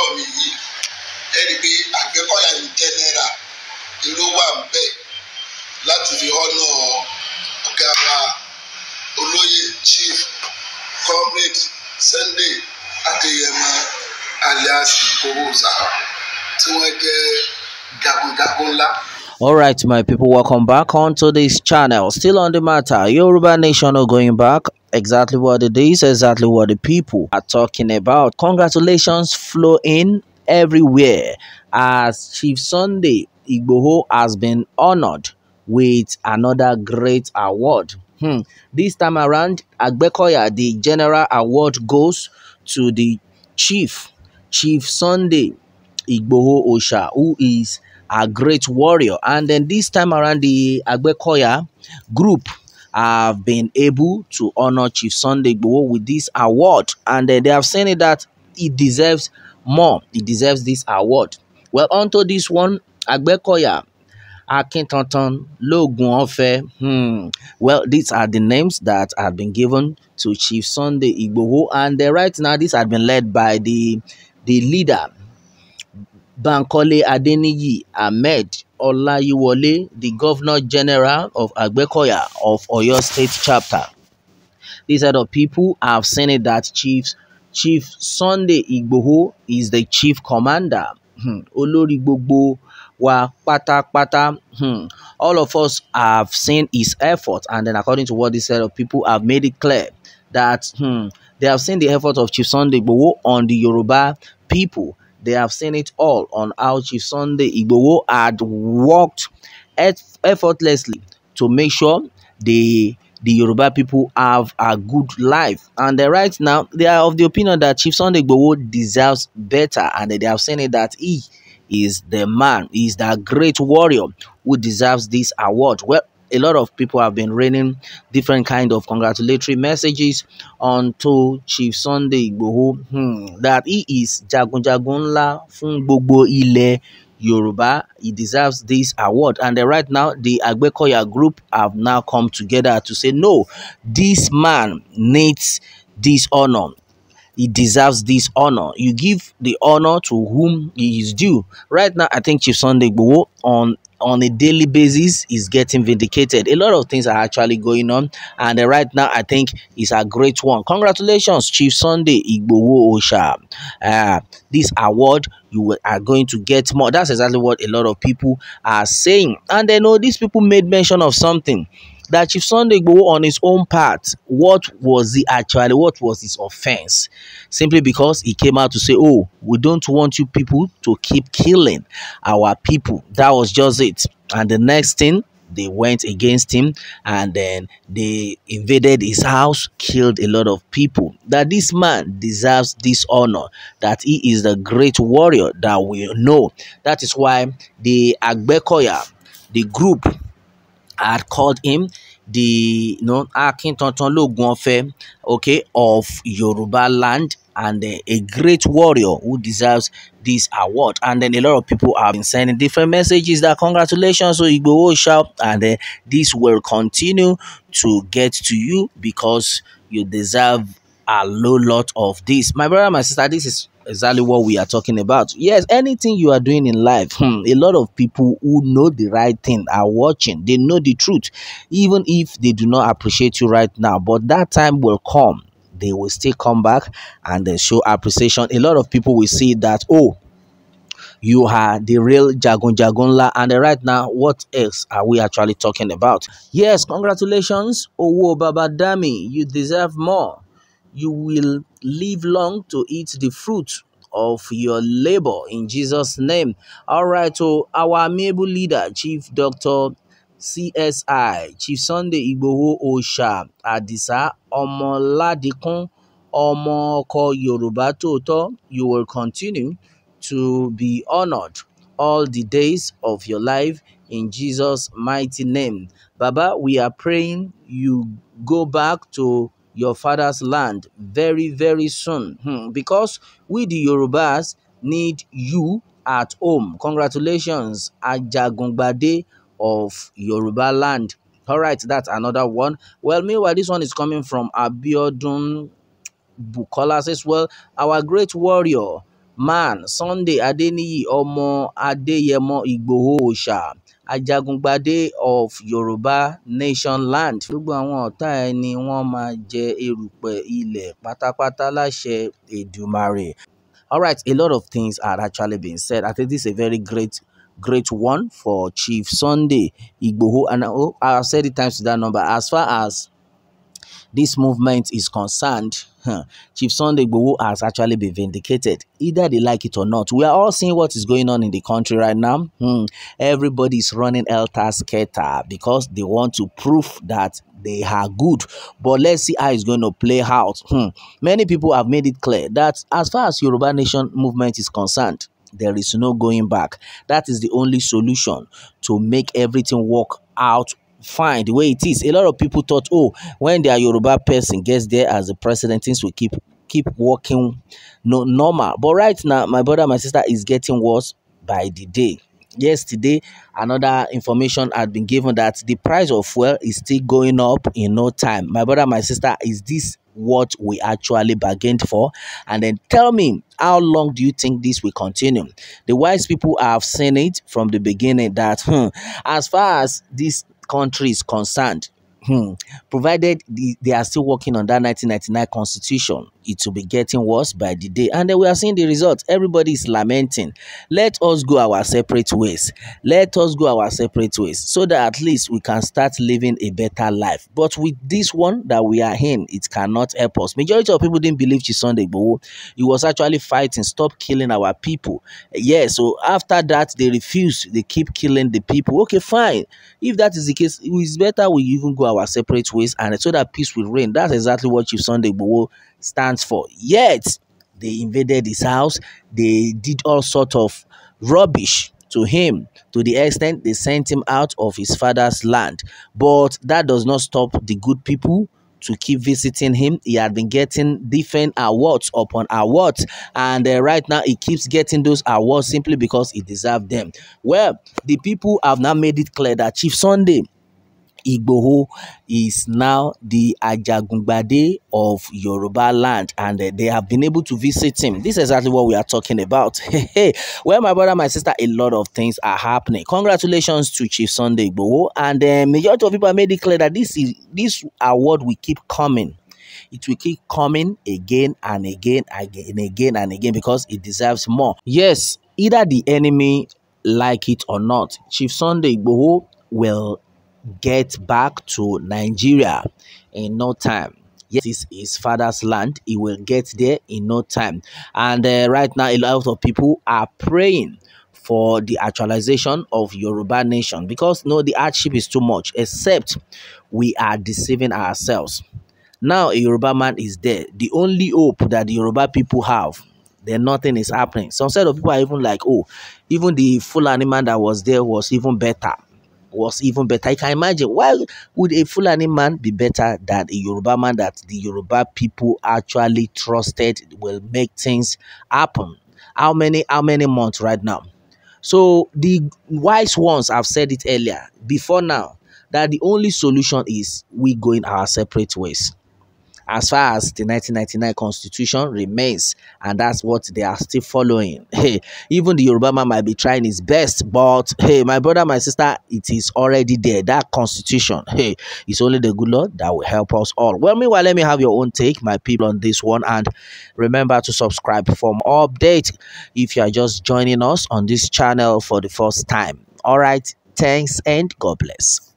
lọ́wọ́ mi yìí ẹni pé àgbẹ̀kọ̀yà ní jẹ́nẹ́ra ló wà ń láti fi ọ̀nà ọ̀gá wa olóyè chief comrade Sunday Adéyẹmọ alias Koroza tí wọ́n jẹ́ jagunjagun ńlá. All right, my people, welcome back onto this channel. Still on the matter, Yoruba Nation are going back exactly what it is, exactly what the people are talking about. Congratulations flow in everywhere as Chief Sunday Igboho has been honored with another great award. Hmm. This time around, Agbekoya, the general award goes to the chief, Chief Sunday Igboho Osha, who is a great warrior. And then this time around, the Agbekoya group have been able to honor Chief Sunday Igboho with this award, and uh, they have said that he deserves more. He deserves this award. Well, onto this one, Agbekoya, Akintanton, Logunfe. Hmm. Well, these are the names that have been given to Chief Sunday Igboho, and uh, right now, this has been led by the the leader, Bankole Adeniyi Ahmed Olayiwole, the Governor General of Agbekoya of Oyo State Chapter. These are the people have seen it that Chief, Chief Sunday Igboho is the Chief Commander. Hmm. Olori Gbogbo wa pata pata. Hmm. All of us have seen his effort and then according to what these set of people have made it clear that hmm, they have seen the effort of Chief Sunday Igboho on the Yoruba people they have seen it all on how Chief Sunday Igboho had worked effortlessly to make sure the the Yoruba people have a good life. And uh, right now, they are of the opinion that Chief Sunday Igboho deserves better, and they have seen it that he is the man, he is the great warrior who deserves this award. Well, a lot of people have been raining different kind of congratulatory messages onto Chief Sunday Igboho hmm, that he is jagun ńlá fún gbogbo ilẹ̀ Yoruba. He deserves this award. And uh, right now, the Agbekoya group have now come together to say, no, this man needs this honor he deserves this honor. You give the honor to whom he is due. Right now, I think Chief Sunday Igboho on on a daily basis is getting vindicated. A lot of things are actually going on, and uh, right now I think it's a great one. Congratulations, Chief Sunday Igbowo Osha. Uh, this award you are going to get more. That's exactly what a lot of people are saying, and they uh, know these people made mention of something that Chief Sunday Igboho on his own part, what was he actually, what was his offense? Simply because he came out to say, oh, we don't want you people to keep killing our people. That was just it. And the next thing, they went against him and then they invaded his house, killed a lot of people. That this man deserves this honor, that he is the great warrior that we know. That is why the Agbekoya, the group had called him the you know Akintonton Logunfe, okay, of Yoruba land and uh, a great warrior who deserves this award. And then a lot of people have been sending different messages that congratulations so you go Shout, and uh, this will continue to get to you because you deserve a low lot of this. My brother, my sister, this is exactly what we are talking about. Yes, anything you are doing in life, hmm, a lot of people who know the right thing are watching. They know the truth, even if they do not appreciate you right now. But that time will come. They will still come back and they show appreciation. A lot of people will see that, oh, you are the real Jagun Jagunla. And right now, what else are we actually talking about? Yes, congratulations, Owo Babadami. You deserve more you will live long to eat the fruit of your labor in Jesus' name. All right, so our amiable leader, Chief Dr. CSI, Chief Sunday Igboho Osha, Adisa Omoladikun, Omoko Yoruba Toto, you will continue to be honored all the days of your life in Jesus' mighty name. Baba, we are praying you go back to your father's land very, very soon. Hmm. Because we, the Yorubas, need you at home. Congratulations, Ajagungbade of Yoruba land. All right, that's another one. Well, meanwhile, this one is coming from Abiodun Bukola says, Well, our great warrior, man, Sunday Adeniyi Omo Adeyemo Igboho Osha. ajagungbadé of yorùbá nation land gbogbo àwọn ọ̀tá ẹ ni wọ́n máa jẹ erùpẹ̀ ilẹ̀ pátápátá láṣẹ èdùmarè. all right a lot of things are actually being said i think this is a very great great one for chief sunday igboho and oh, i have said it times to that number as far as this movement is concerned huh, Chief Sunday Igboho has actually been vindicated, either they like it or not. We are all seeing what is going on in the country right now. Hmm. Everybody is running Elta Skater because they want to prove that they are good. But let's see how it's going to play out. Hmm. Many people have made it clear that as far as Yoruba Nation movement is concerned, there is no going back. That is the only solution to make everything work out fine the way it is. A lot of people thought, oh, when the Yoruba person gets there as the president, things will keep keep working no normal. But right now, my brother, my sister is getting worse by the day. Yesterday, another information had been given that the price of fuel is still going up in no time. My brother, my sister, is this what we actually bargained for and then tell me how long do you think this will continue the wise people have seen it from the beginning that hmm, as far as this country is concerned, hmm, provided they are still working on that 1999 constitution it will be getting worse by the day. And then we are seeing the results. Everybody is lamenting. Let us go our separate ways. Let us go our separate ways so that at least we can start living a better life. But with this one that we are in, it cannot help us. Majority of people didn't believe Sunday Igboho. He was actually fighting, stop killing our people. Yeah, so after that, they refused. They keep killing the people. Okay, fine. If that is the case, it's better we even go our separate ways and so that peace will reign. That's exactly what Chief Sunday Igboho stands for. Yet, they invaded his house, they did all sort of rubbish to him to the extent they sent him out of his father's land. But that does not stop the good people to keep visiting him. He had been getting different awards upon awards, and uh, right now he keeps getting those awards simply because he deserved them. Well, the people have now made it clear that Chief Sunday Igboho is now the Ajagungbade of Yoruba land and uh, they have been able to visit him. This is exactly what we are talking about. well, my brother, my sister, a lot of things are happening. Congratulations to Chief Sunday Igboho and the uh, majority of people may made it clear that this, is, this award will keep coming it will keep coming again and again again and again and again because it deserves more yes either the enemy like it or not chief sunday igboho will get back to Nigeria in no time. Yes, it's his father's land. He will get there in no time. And uh, right now, a lot of people are praying for the actualization of Yoruba nation because no, the hardship is too much, except we are deceiving ourselves. Now, a Yoruba man is there. The only hope that the Yoruba people have then nothing is happening. Some set of people are even like, oh, even the full animal that was there was even better was even better. I can imagine why would a Fulani man be better than a Yoruba man that the Yoruba people actually trusted will make things happen. How many how many months right now? So the wise ones have said it earlier before now that the only solution is we going our separate ways as far as the 1999 constitution remains and that's what they are still following hey even the Obama might be trying his best but hey my brother my sister it is already there that constitution hey it's only the good lord that will help us all well meanwhile let me have your own take my people on this one and remember to subscribe for more update if you are just joining us on this channel for the first time all right thanks and god bless